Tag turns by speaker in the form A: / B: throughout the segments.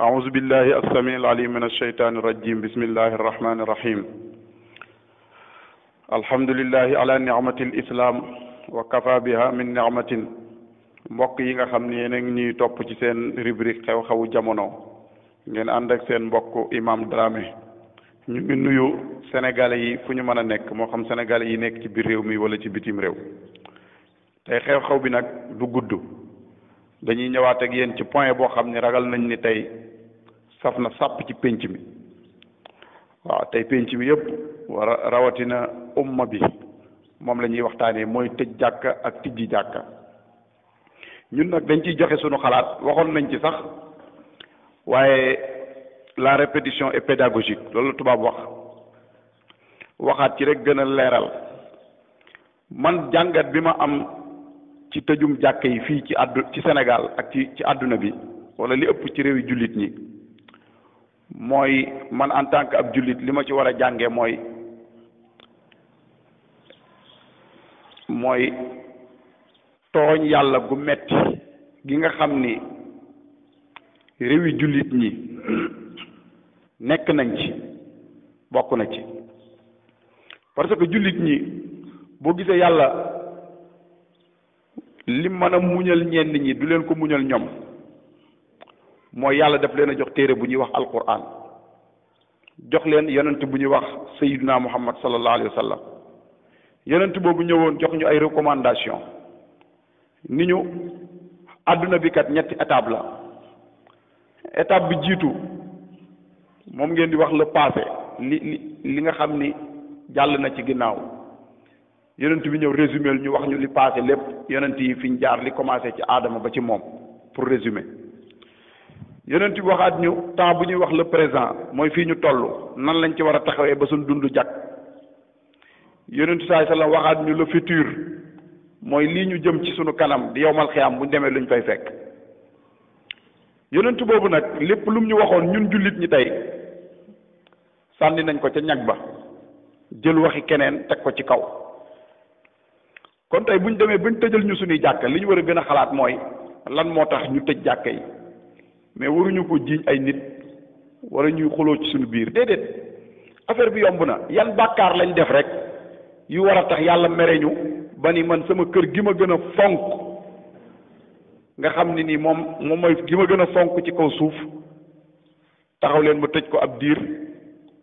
A: أعوذ بالله السميع العليم من الشيطان الرجيم بسم الله الرحمن الرحيم الحمد لله على نعمة الإسلام وكفى بها من نعمة mbokk yi nga xam ne yéen a ngi ñuy topp ci seen rubrique xew-xewu jamono ngeen ànd ak seen mbokk imam Dramé ñu ngi nuyu sénégalais yi fu ñu mën a nekk moo xam sénégalais yi nekk ci biir réew mi wala ci bitim réew tey xew-xew bi nag du gudd dañuy ñëwaat ak yéen ci point boo xam ne ragal nañ ni tey saf na sàpp ci pénc mi waaw tey pénc mi yëpp war rawatina umma bi moom lañuy waxtaanee mooy tëj jàkka ak tijji jàkka ñun nag dañ ciy joxe sunu xalaat waxoon nañ ci sax waaye la répétition est pédagogique lolou tubaab wax waxat ci rek gëna léral man jàngat bima am ci tëjum jakkay fi ci addu ci Sénégal ak ci ci aduna bi wala li ëpp ci réewi jullit ñi moy man en tant que ab jullit lima ci war jangé moy moy mooy yalla gu metti gi nga xamni ni réewi jullit ñi nekk nañ ci bokk na ci parce que jullit ñi boo gisee yàlla li mën a muñal ñenn ñi du leen ko muñal ñoom mooy yàlla def leen a jox téere bu ñuy wax alquran jox leen yonent bu ñuy wax sayyiduna muhammad sallallahu alayhi wa yenent boobu ñëwoon jox ñu ay recommandation ni ñu àdduna bi kat ñetti étape la étape bi jiitu moom ngeen di wax la passé li li nga xam ni jàll na ci ginnaaw yonent bi ñëw résumé ñu wax ñu li passé lépp yonent yi fi ñu jaar li commencé ci aadama ba ci moom pour résumer yonent bi waxaat ñu temps bu ñuy wax la présent mooy fii ñu toll nan lañ ci war a taxawee ba suñ dund jag yonent saay la waxaat ñu le futur mooy lii ñu jëm ci sunu kanam di yowmal xiyaam bu ñu demee lu ñu fay fekk yonent boobu nag lépp lu mu ñu waxoon ñun jullit ñi tey sànni nañ ko ca ñag ba jël waxi keneen teg ko ci kaw kon tey bu ñu demee ba ñu tëjal ñu suñuy jàkk li ñu war a gën a xalaat mooy lan moo tax ñu tëj jàkka yi mais waruñu ko jiiñ ay nit wala ñuy xuloo ci suñu biir déedéet affaire bi yomb na yan bàkkaar lañ def rek yu war a tax yàlla mere ñu ba ni man sama kër gi ma gën a fonk nga xam ne nii moom moom mooy gi ma gën a fonk ci kaw suuf taxaw leen ma tëj ko ab diir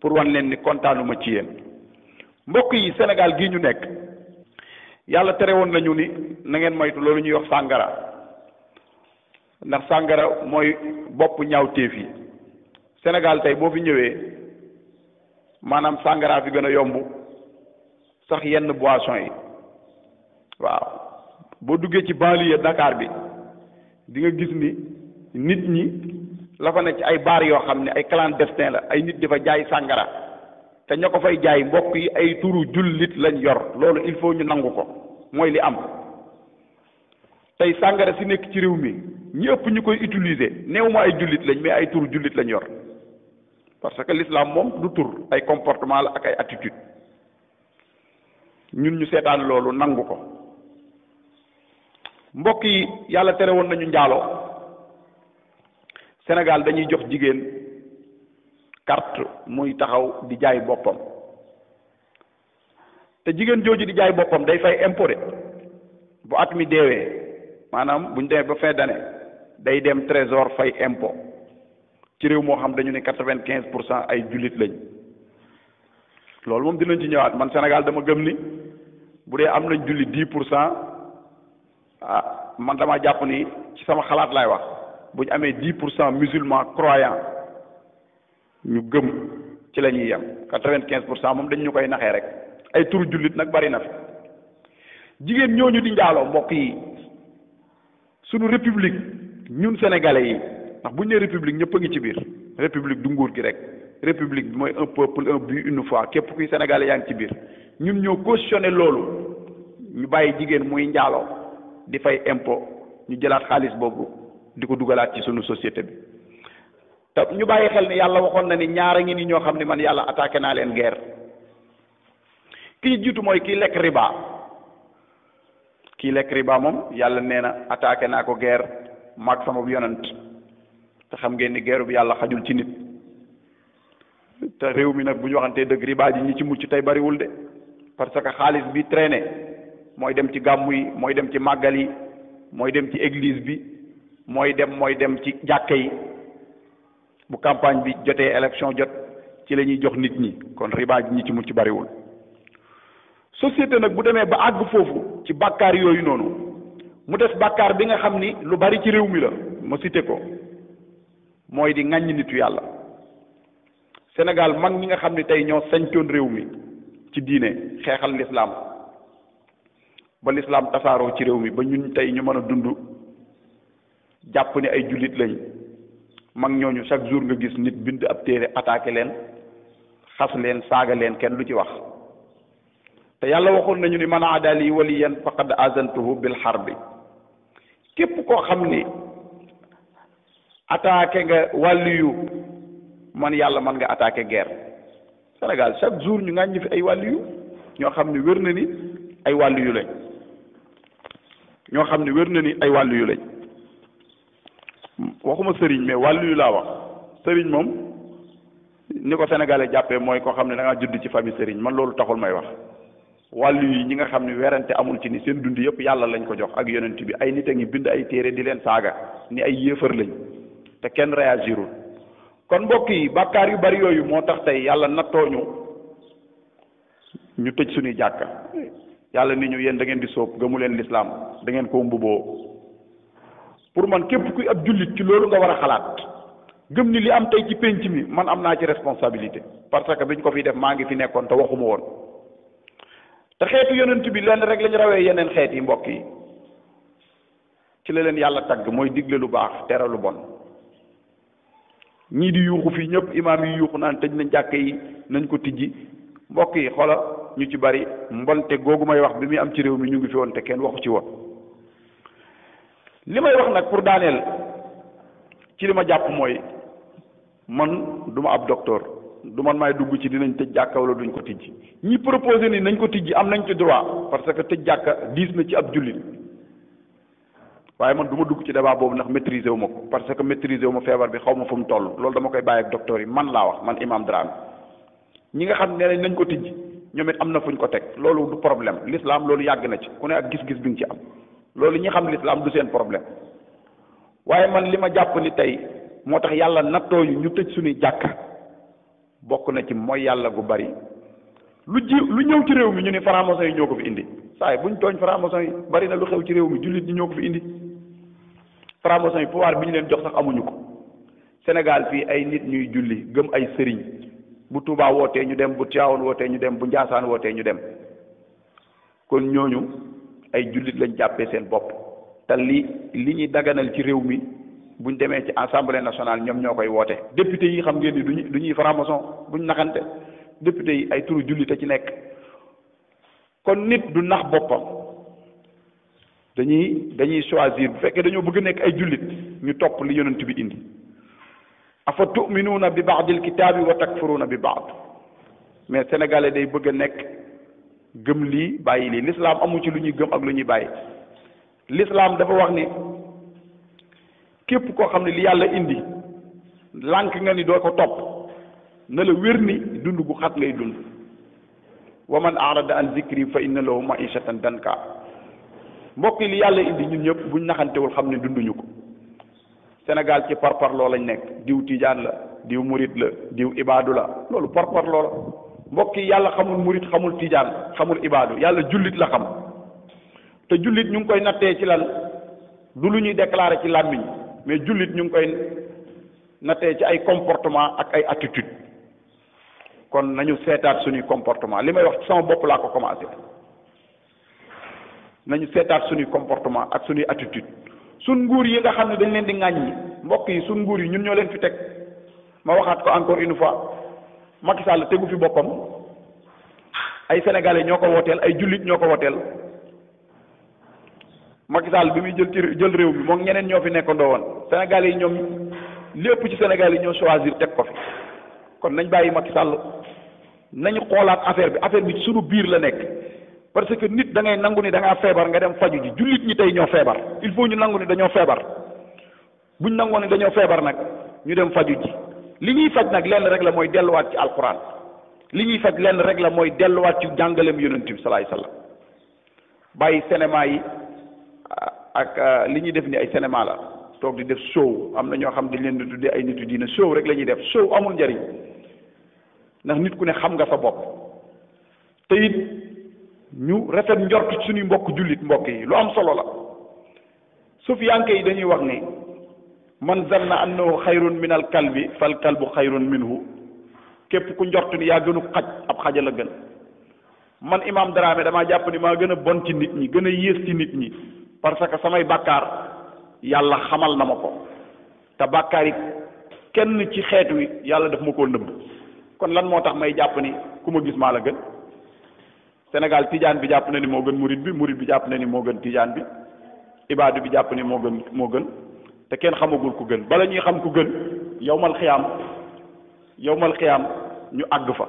A: pour wan leen ni kontaanuma ci yéen mbokk yi Sénégal gi ñu nekk yàlla tere woon nañu ni nangeen ngeen moytu loolu ñuy wax sàngara ndax sàngara mooy bopp ñaawteef yi Sénégal tey boo fi ñëwee maanaam sàngara fi gën a yomb sax yenn boisson yi waaw boo duggee ci banlieue ndakaar bi di gis ni nit ñi la fa ci ay baar yoo xam ne ay clandestin la ay nit dafa jaay sàngara te ñoo ko fay jaay mbokk yi ay turu jullit lañ yor loolu il faut ñu nangu ko mooy li am tey sàngara si nekk ci réew mi ñëpp ñu koy utiliser néew ma ay jullit lañ mais ay tur jullit lañ yor parce que l'islam moom du tur ay comportement la ak ay attitude ñun ñu seetaan loolu nangu ko mbokk yi yàlla tere woon nañu njaaloo Sénégal dañuy jox jigéen carte muy taxaw di jaay boppam te jigéen jooju di jaay boppam day fay impôt bu at mi deewee maanaam buñ ñu demee ba fin d'année day dem trésor fay impôt ci réew moo xam dañu ne quatre-vingt-quinze pour cent ay jullit lañ loolu moom dinañ ci ñëwaat man Sénégal dama gëm ni bu dee am nañ jullit dix pour cent ah man dama jàpp ni ci sama xalaat lay wax buñ ñu amee dix pour cent musulmans croyants ñu gëm ci la ñuy yem quatre-vingt-quinze pour cent moom dañ ñu koy naxee rek ay turu jullit nag bari na fi jigéen ñooñu di njaaloo mbokk yi suñu république ñun sénégalais yi ndax bu ñu république ñëpp a ngi ci biir république du nguur gi rek république bi mooy un peuple un but une fois képp kuy sénégalais yaa ngi ci biir ñun ñoo cautionné loolu ñu bàyyi jigéen muy njaaloo di fay impôt ñu jëlaat xaalis boobu di ko dugalaat ci sunu société bi te ñu bàyyi xel ni yàlla waxoon na ni ñaara ngi ni ñoo xam ne man yàlla attaqué naa leen guerre kii jiitu mooy kii lekk riba kii lekk riba moom yàlla nee na attaqué naa ko guerre maag sama yonant te xam ngeen ni guerre bi yàlla xajul ci nit te réew mi nag bu ñu waxantee dëgg riba ji ñi ci mucc tey bariwul de parce que xaalis bi traîné mooy dem ci gàmmu yi mooy dem ci màggal yi mooy dem ci église bi mooy dem mooy dem ci jàkka yi bu campagne bi jotee élection jot ci la ñuy jox nit ñi kon riba ñi ci mu ci bariwul société nag bu demee ba àgg foofu ci bàkkaar yooyu noonu mu des bàkkaar bi nga xam ni lu bari ci réew mi la ma cité ko mooy di ŋàññ nitu yàlla Sénégal mag ñi nga xam ni tey ñoo sañcoon réew mi ci diine xeexal lislaam ba lislaam tasaaroo ci réew mi ba ñun tey ñu mën a dund japp ne ay julit lañ mag ñooñu chaque jour nga gis nit bind ab téere attaqué leen xas leen saaga leen kenn lu ci wax te yàlla waxoon nañu ni man adali waliyan faqad azantuhu bil harbi képp koo xam ni attaqué nga wàlliyu man yàlla man nga attaqué guerre sénégal chaque jour ñu ngàññ fi ay wàlliyu ñoo xam ni ay wàlliyu lañ ñoo xam ni wér na ni ay wàlliyu lañ waxuma sëriñ mais wàllu yu laa wax sëriñ moom ni ko senegale jàppee mooy ko xam ne da ngaa judd ci famille sëriñ man loolu taxul may wax wàllu yu ñi nga xam ni werante amul ci ni seen dund yëpp yàlla lañ ko jox ak yonent bi ay nit a ngi bind ay téere di leen saaga ni ay yéefar lañ te kenn réagirul kon mbokk yi bàkkaar yu bari yooyu moo tax tey yàlla nattooñu ñu tëj suñuy jàkka yàlla ni ñu yéen da ngeen di sóob gëmu leen lislaam da ngeen koo mbuboo pour man képp kuy ab jullit ci loolu nga war a xalaat gëm ni li am tey ci pénc mi man am naa ci responsabilité parce que biñ ko fi def maa ngi fi nekkoon te waxuma woon te xeetu yonent bi lenn rek lañu rawee yeneen xeet yi mbokk yi ci la leen yàlla tagg mooy digle lu baax tere lu bon ñii di yuuxu fii ñëpp imaam yi yuuxu naan tëj nañ jàkk yi nañ ko tijji mbokk yi xoola ñu ci bari mbonte googu may wax bi muy am ci réew mi ñu ngi fi woon te kenn waxu ci woon li may wax nag pour daaneel ci li ma jàpp mooy man du ab docteur du man maay dugg ci dinañ tëj jàkka wala duñ ko tijji ñi proposé ni nañ ko tijji am nañ ci droit parce que tëj jàkka diis na ci ab jullit waaye man du ma dugg ci débat boobu ndax maîtriser wu ma ko parce que maîtriser wu ma feebar bi xaw ma fu mu toll loolu dama koy bàyyi ak docteur yi man laa wax man imam Dramé ñi nga xam ne nañ ko tijji ñoom it am na fu ñu ko teg loolu du problème l'islam loolu yàgg na ci ku ne ak gis-gis bi ci am. loolu ñi xam lislaam du seen problème waaye man li ma jàpp ni tey moo tax yàlla nattoo yu ñu tëj suñuy jàkk bokk na ci mooy yàlla gu bari lu ji lu ñëw ci réew mi ñu ni franc-maçon yi ñoo ko fi indi saay buñ tooñ franc-maçon yi bari na lu xew ci réew mi jullit ñu ñoo ko fi indi franc yi pouvoir bi ñu leen jox sax amuñu ko senegal fii ay nit ñuy julli gëm ay sëriñ bu Touba wootee ñu dem bu Tivaouane wootee ñu dem bu Njaasaan wootee ñu dem kon ñooñu ay jullit lañu jàppee seen bopp te li li ñuy daganal ci réew mi buñ demee ci assemblée nationale ñoom ñoo koy woote député yi xam ngeen ni duñu du ñuy franc bu ñu naxante député yi ay turu jullit a ci nekk kon nit du nax boppam dañuy dañuy choisir bu fekkee dañoo bëgg nekk ay jullit ñu topp li yonent bi indi afa tuminuuna bi baadil kitaabi wa takfuruuna bi baad mais sénégalais day bëgg a nekk gëm lii bàyyi lii lislaam amul ci lu ñuy gëm ak lu ñuy bàyyi lislaam dafa wax ni képp koo xam ne li yàlla indi lànk nga ni doo ko topp na la wér ni dund gu xat ngay dund woman man arada an zikri fa inna lahu maishatan danka mbokk li yàlla indi ñun ñëpp buñ naxantewul xam ne dunduñu ko Sénégal ci parpar loo lañ nekk diw tiijaan la diw murit la diw ibaadu la loolu parpar loo la mbokk yi yàlla xamul murit xamul tiijaan xamul ibaadu yàlla jullit la xam te jullit ñu ngi koy nattee ci lan du lu ñuy déclaré ci làmmiñ mais jullit ñu ngi koy nattee ci ay comportement ak ay attitude kon nañu seetaat suñuy comportement li may wax ci bopp laa ko commencé nañu seetaat suñuy comportement ak suñuy attitude sun nguur yi nga xam ne dañ leen di ŋàññi mbokk yi suñ nguur yi ñun ñoo leen fi teg ma waxaat ko encore une fois Makisal tegou fi bokom, ay Senegalè nyon kon wotel, ay joulit nyon kon wotel. Makisal, bimi djolre oubi, mwenk nyenen nyon fi nek kondowan. Senegalè nyon, le pouti Senegalè nyon swazir tek kofi. Kon, nanj bayi Makisal, nanj kon lak aferbe, aferbe sou nou bir lenek. Parse ke nit dangay nangouni dangay febar, nga dem fadyu di. Joulit nit ay nyon febar. Il pou nyon nangouni dangay febar. Bun nangouni dangay febar, nyo dem fadyu di. li ñuy faj nag lenn rek la mooy delluwaat ci alquran li ñuy faj lenn rek la mooy delluwaat ci jàngaleem yonent bi salaay salaam bàyyi cinéma yi ah, ak ah, li ñuy def ni ay cinéma la toog di def soow am na ñoo xam dañ leen di tuddee ay nitu diina show rek la ñuy def show amul njariñ ndax nit ku ne xam nga sa bopp te it ñu rafet njort suñuy mbokk jullit mbokk yi lu am solo la sufiyanke yi dañuy wax ni man zanna annahu xayrun min al kalbi fal kalbu xayrun minhu képp ku njort ni yaa gënu xaj ab xaja la gën man imaam Dramé damaa jàpp ni maa gën a bon ci nit ñi gën a yées ci nit ñi parce que samay bàkkaar yàlla xamal na ma ko te bàkkaar yi kenn ci xeet wi yàlla daf ma ko nëbb kon lan moo tax may jàpp ni ku ma gis maa la gën senegal tijaan bi jàpp na ni moo gën murit bi murit bi jàpp na ni moo gën tijaan bi ibaadu bi jàpp ni moo gën moo gën te kenn xamagul ku gën bala ñuy xam ku gën yowmal xiyaam yowmal xiyaam ñu àgg fa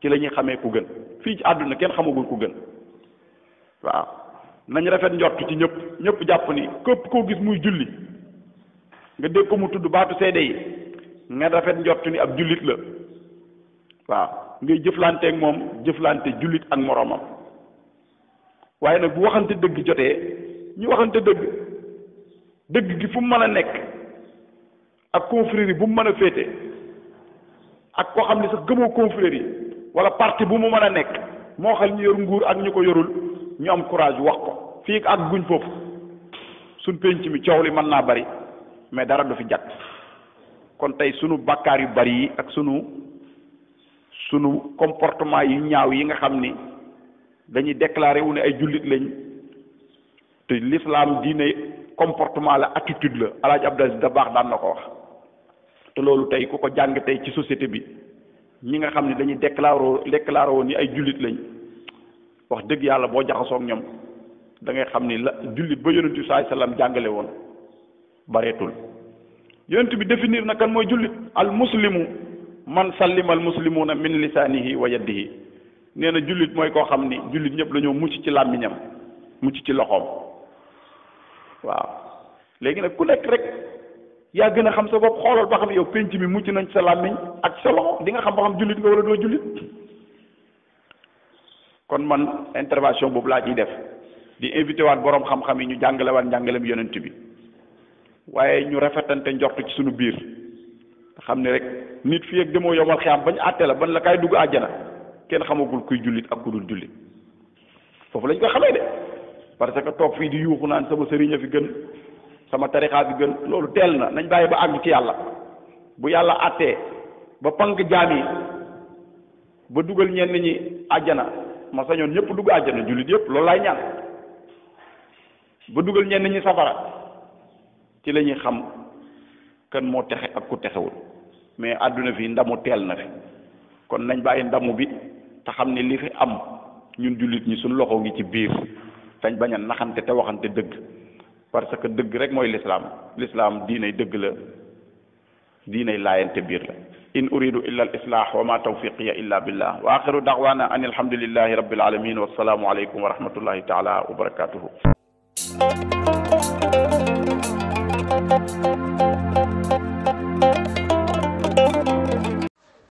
A: ci la ñuy xamee ku gën fii ci àdduna kenn xamagul ku gën waaw nañ rafet njort ci ñëpp ñëpp jàpp ni képp koo gis muy julli nga dégg ko mu tudd baatu seede yi nga rafet njort ni ab jullit la waaw ngay jëflante moom jëflante jullit ak moroomam waaye nag bu waxante dëgg jotee ñu waxante dëgg dëgg gi fu mu mën a nekk ak confrérie bu mu mën a féete ak koo xam ne sax gëmoo confrérie wala parti bu mu mën a nekk moo xam ñu yor nguur ak ñu ko yorul ñu am courage wax ko fii ak guñ foofu suñ penc mi coow li mën naa bari mais dara du fi jag kon tey sunu bakkaar yu bari yi ak sunu sunu comportement yu ñaaw yi nga xam ni dañuy déclaré wu ne ay jullit lañ te l'islam diine comportement la attitude la alaaj Abdou Aziz baax daan na ko wax te loolu tey ku ko jàng tey ci société bi ñi nga xam ne dañuy déclaré déclaré woon ni ay jullit lañ wax dëgg yàlla boo jaxasoo ñoom dangay xam ni la jullit ba yonent bi saai sallam jàngale woon bareetul yonent bi définir na kan mooy jullit al muslimu man sallima al na min lisaanihi wa yadihi nee na jullit mooy koo xam ni jullit ñëpp la ñoo mucc ci làmmiñam mucc ci loxoom waaw léegi nag ku nekk rek yaa gën a xam sa bopp xoolal ba xam yow penc bi mucc nañ sa làmmiñ ak sa loxo di xam ba xam jullit nga wala doo jullit kon man intervention boobu laa ciy def di invité waat boroom xam-xam yi ñu jàngale waat njàngalem yonent bi waaye ñu rafetante njortu ci suñu biir xam ne rek nit fii ak demoo yomal xiyaam bañ àtte la ban la kaay dugg àjjana kenn xamagul kuy jullit ak ku dul jullit foofu lañ ko xamee de parce que video fi di yuxu nan sama serigne fi gën sama tariqa bi gën lolu tel na nañ baye ba ag ci yalla bu yalla até ba pank jami ba duggal ñen ñi aljana ma sañoon ñepp dugg aljana julit yépp lolu lay ñaan ba duggal ñen ñi safara ci lañuy xam kan mo texe ak ku texewul mais aduna fi ndamu tel na fi kon nañ baye ndamu bi ta xamni li fi am ñun julit ñi suñ loxo ngi ci biir dañ bañ a naxante te waxante dëgg parce que dëgg rek mooy lislaam lislaam diinay dëgg la diinay laayante biir la in uridu illa al islah wa ma tawfiqiya illa billah wa axiru da'wana an alhamdulillahi rabbil alamin wa assalaamu aleykum wa rahmatullahi taala wa barakatuhu